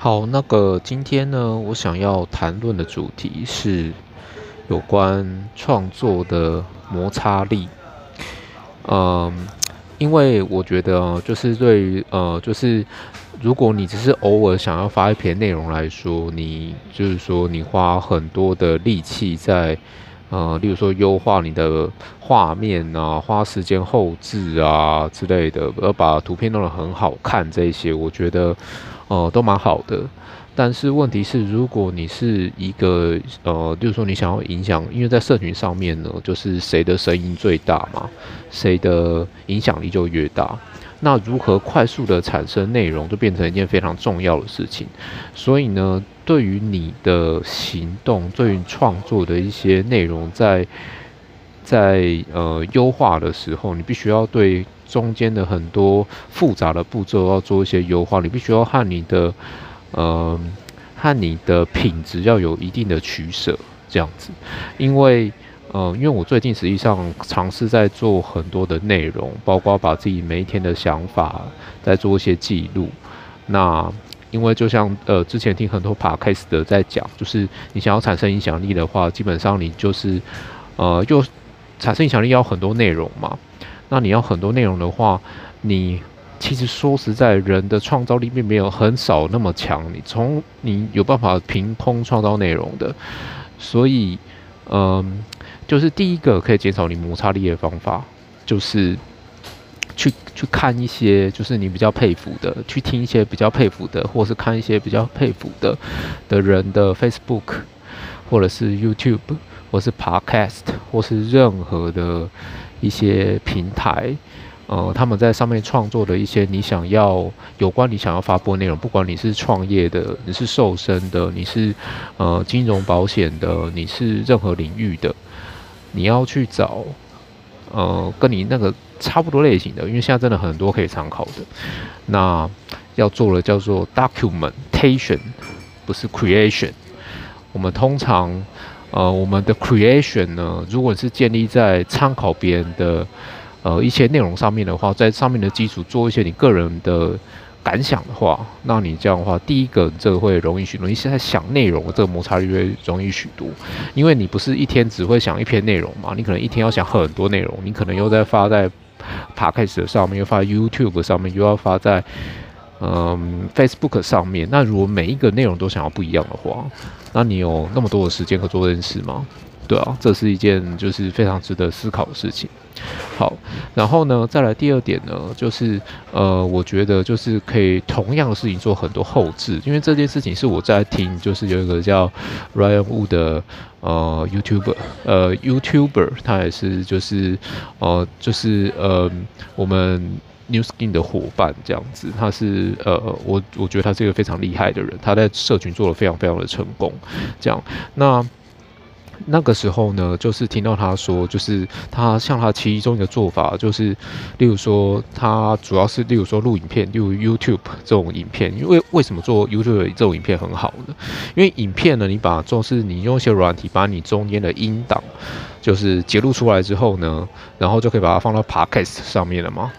好，那個今天呢，我想要談論的主題是有關創作的摩擦力。呃、嗯，因為我覺得，就是對於呃、嗯，就是如果你只是偶爾想要發一篇內容來說，你就是說你花很多的力氣在呃、嗯，例如說優化你的畫面啊，花時間後製啊之類的，要把圖片弄得很好看，這些我覺得。哦、呃，都蠻好的，但是問題是，如果你是一個呃，就是說你想要影響，因為在社群上面呢，就是誰的聲音最大嘛，誰的影響力就越大。那如何快速的產生內容，就變成一件非常重要的事情。所以呢，對於你的行動，對於創作的一些內容在，在在呃優化的時候，你必須要對。中間的很多複雜的步驟要做一些優化，你必須要和你的，嗯、呃，和你的品質要有一定的取捨，這樣子。因為，呃，因為我最近實際上嘗試在做很多的內容，包括把自己每一天的想法再做一些記錄。那因為就像呃之前聽很多 podcast 的在講，就是你想要產生影響力的話，話基本上你就是，呃，就產生影響力要很多內容嘛。那你要很多內容的話，你其實說實在，人的創造力並沒有很少那麼強。你從你有辦法憑空創造內容的，所以，嗯，就是第一個可以減少你摩擦力的方法，就是去去看一些就是你比較佩服的，去聽一些比較佩服的，或是看一些比較佩服的的人的 Facebook，或者是 YouTube，或是 Podcast，或是任何的。一些平台，呃，他們在上面創作的一些你想要有關你想要發布的內容，不管你是創業的，你是瘦身的，你是呃金融保險的，你是任何領域的，你要去找，呃，跟你那個差不多類型的，因為現在真的很多可以參考的。那要做的叫做 documentation，不是 creation。我們通常。呃，我們的 creation 呢，如果你是建立在參考別人的，呃，一些內容上面的話，在上面的基礎做一些你個人的感想的話，那你這樣的話，第一個，這個會容易許多。你現在想內容這個摩擦力會容易許多，因為你不是一天只會想一篇內容嘛，你可能一天要想很多內容，你可能又在發在 Podcast 上面，又發在 YouTube 上面，又要發在，嗯、呃、，Facebook 上面，那如果每一個內容都想要不一樣的話。那你有那麼多的時間和做這件事嗎？對啊，這是一件就是非常值得思考的事情。好，然後呢，再來第二點呢，就是呃，我覺得就是可以同樣的事情做很多後製，因為這件事情是我在聽，就是有一個叫 Ryan Wu 的呃 YouTuber，呃 YouTuber，他也是就是呃就是呃我們。New Skin 的夥伴這樣子，他是呃，我我覺得他是一個非常厲害的人，他在社群做得非常非常的成功。這樣，那那個時候呢，就是聽到他說，就是他像他其中一個做法，就是例如說他主要是例如說錄影片，例如 YouTube 這種影片，因為為什麼做 YouTube 這種影片很好呢？因為影片呢，你把就是你用一些軟體把你中間的音檔，就是截錄出來之後呢，然後就可以把它放到 Podcast 上面了嘛。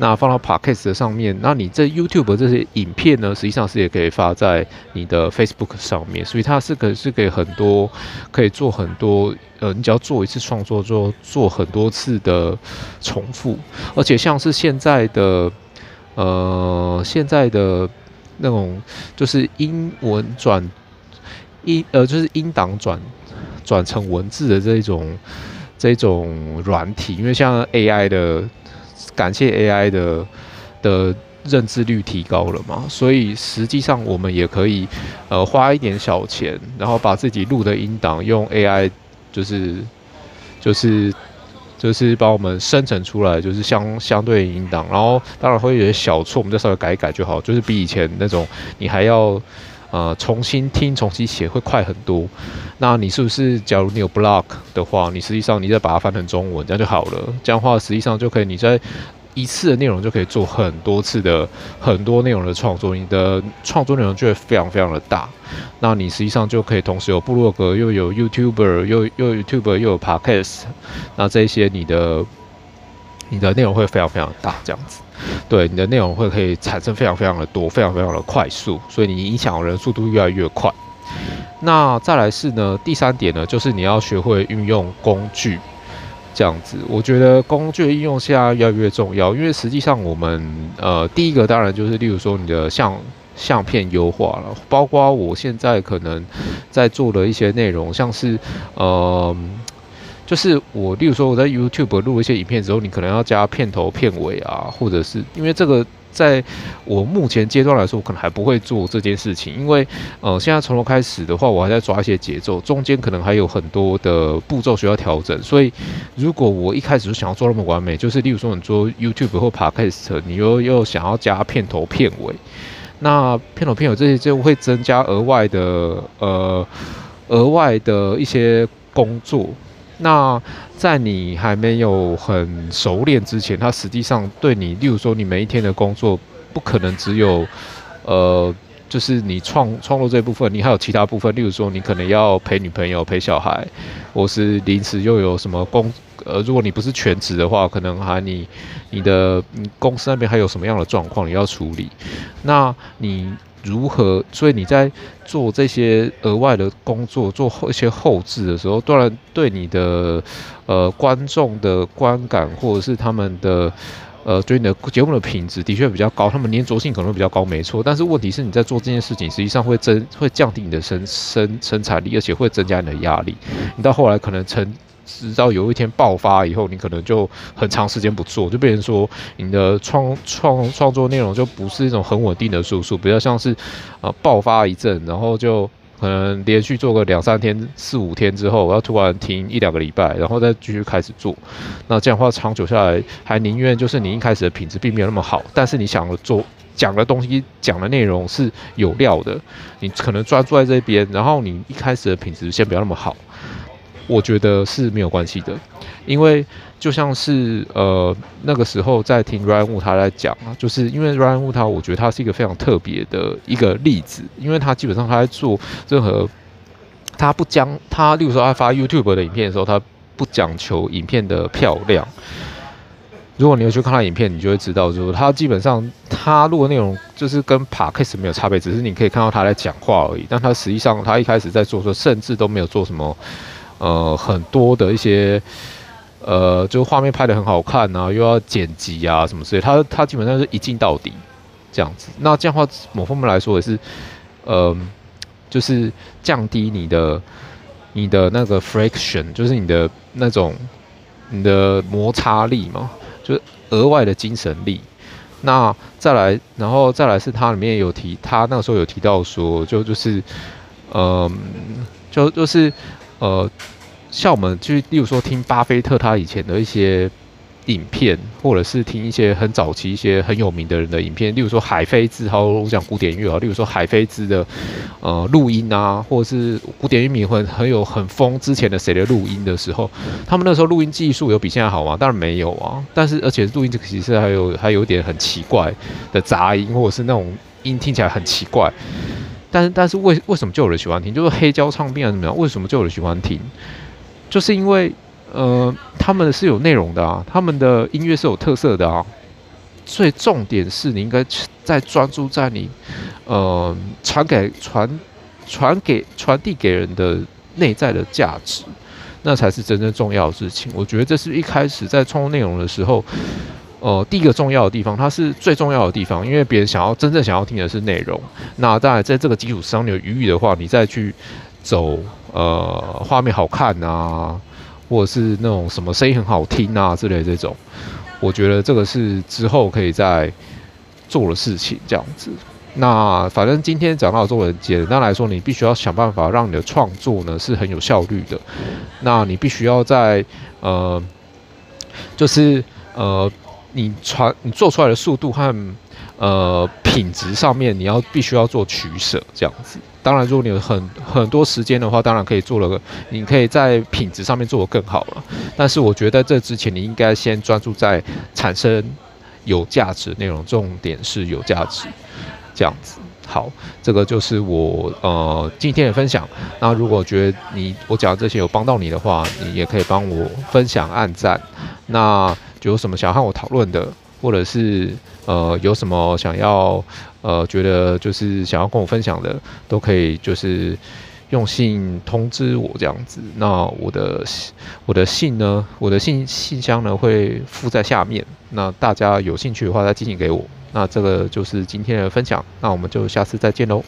那放到 Podcast 的上面，那你這 YouTube 這些影片呢，實際上是也可以發在你的 Facebook 上面，所以它是可以是可以很多，可以做很多，呃，你只要做一次創作，做做很多次的重複，而且像是現在的，呃，現在的那種就是英文轉英，呃，就是音檔轉轉成文字的這一種這一種軟體，因為像 AI 的。感謝 AI 的的認知率提高了嘛，所以實際上我們也可以，呃，花一點小錢，然後把自己錄的音檔用 AI，就是就是就是幫我們生成出來，就是相相對的音檔，然後當然會有些小錯，我們再稍微改一改就好，就是比以前那種你還要。呃，重新聽、重新寫會快很多。那你是不是，假如你有 blog 的話，你實際上你再把它翻成中文，這樣就好了。這樣的話實際上就可以，你在一次的內容就可以做很多次的很多內容的創作，你的創作內容就會非常非常的大。那你實際上就可以同時有部落格，又有 YouTuber，又又 YouTuber，又有 Podcast。那這些你的。你的內容會非常非常大，這樣子，對，你的內容會可以產生非常非常的多，非常非常的快速，所以你影響人速度越來越快。那再來是呢，第三點呢，就是你要學會運用工具，這樣子，我覺得工具的應用現在越來越重要，因為實際上我們，呃，第一個當然就是例如說你的相相片優化了，包括我現在可能在做的一些內容，像是，呃。就是我，例如說我在 YouTube 錄了一些影片之後，你可能要加片頭片尾啊，或者是因為這個，在我目前階段來說，我可能還不會做這件事情，因為呃，現在從頭開始的話，我還在抓一些節奏，中間可能還有很多的步驟需要調整。所以，如果我一開始就想要做那麼完美，就是例如說你做 YouTube 或 Podcast，你又又想要加片頭片尾，那片頭片尾這些就會增加額外的呃額外的一些工作。那在你還沒有很熟練之前，他實際上對你，例如說你每一天的工作，不可能只有，呃，就是你創創作這部分，你還有其他部分，例如說你可能要陪女朋友、陪小孩，或是臨時又有什麼工，呃，如果你不是全職的話，可能還你你的你公司那邊還有什麼樣的狀況你要處理，那你。如何？所以你在做這些額外的工作，做後一些後製的時候，當然對你的呃觀眾的觀感，或者是他們的呃對你的節目的品質的確比較高，他們粘着性可能會比較高，沒錯。但是問題是你在做這件事情，實際上會增會降低你的生生生產力，而且會增加你的壓力。你到後來可能成。直到有一天爆發以後，你可能就很長時間不做，就變成說你的創創創作內容就不是一種很穩定的輸出，比較像是，呃，爆發一陣，然後就可能連續做個兩三天、四五天之後，然後突然停一兩個禮拜，然後再繼續開始做。那這樣的話，長久下來，還寧願就是你一開始的品質並沒有那麼好，但是你想做講的東西、講的內容是有料的，你可能專注在這邊，然後你一開始的品質先不要那麼好。我覺得是沒有關係的，因為就像是呃那個時候在聽 Ryan Wood 他在講啊，就是因為 Ryan Wood 他，我覺得他是一個非常特別的一個例子，因為他基本上他在做任何他不講他，例如說他發 YouTube 的影片的時候，他不講求影片的漂亮。如果你有去看他影片，你就會知道，就是他基本上他錄的內容就是跟 Podcast 沒有差別，只是你可以看到他在講話而已。但他實際上他一開始在做的時候，甚至都沒有做什麼。呃，很多的一些，呃，就畫面拍得很好看啊，又要剪輯啊什麼之類，他他基本上是一鏡到底這樣子。那這樣話，某方面來說也是，呃，就是降低你的你的那個 friction，就是你的那種你的摩擦力嘛，就是額外的精神力。那再來，然後再來是他裡面有提，他那個時候有提到說，就就是，嗯、呃，就就是。呃，像我們就是，例如說聽巴菲特他以前的一些影片，或者是聽一些很早期一些很有名的人的影片，例如說海飛茲，好，我講古典音樂啊，例如說海飛茲的呃錄音啊，或者是古典樂迷很很有很瘋之前的誰的錄音的時候，他們那時候錄音技術有比現在好嗎？當然沒有啊，但是而且錄音這個其實還有還有點很奇怪的雜音，或者是那種音聽起來很奇怪。但是但是為為什麼就有人喜歡聽？就是黑膠唱片還怎麼樣？為什麼就有人喜歡聽？就是因為呃，他們是有內容的啊，他們的音樂是有特色的啊。最重點是你應該在專注在你呃傳給傳傳給傳遞給人的內在的價值，那才是真正重要的事情。我覺得這是一開始在創作內容的時候。呃，第一個重要的地方，它是最重要的地方，因為別人想要真正想要聽的是內容。那當然，在這個基礎上，你有餘裕的話，你再去走呃，畫面好看啊，或者是那種什麼聲音很好聽啊之類的這種，我覺得這個是之後可以再做的事情這樣子。那反正今天講到做文，簡單來說，你必須要想辦法讓你的創作呢是很有效率的。那你必須要在呃，就是呃。你傳你做出來的速度和呃品質上面，你要必須要做取捨這樣子。當然，如果你有很很多時間的話，當然可以做了個，你可以在品質上面做得更好了。但是我覺得這之前，你應該先專注在產生有價值內容，重點是有價值這樣子。好，這個就是我呃今天的分享。那如果覺得你我講的這些有幫到你的話，你也可以幫我分享、按讚。那。有什麼想和我討論的，或者是呃有什麼想要呃覺得就是想要跟我分享的，都可以就是用信通知我這樣子。那我的我的信呢，我的信信箱呢會附在下面。那大家有興趣的話再寄信給我。那這個就是今天的分享，那我們就下次再見嘍。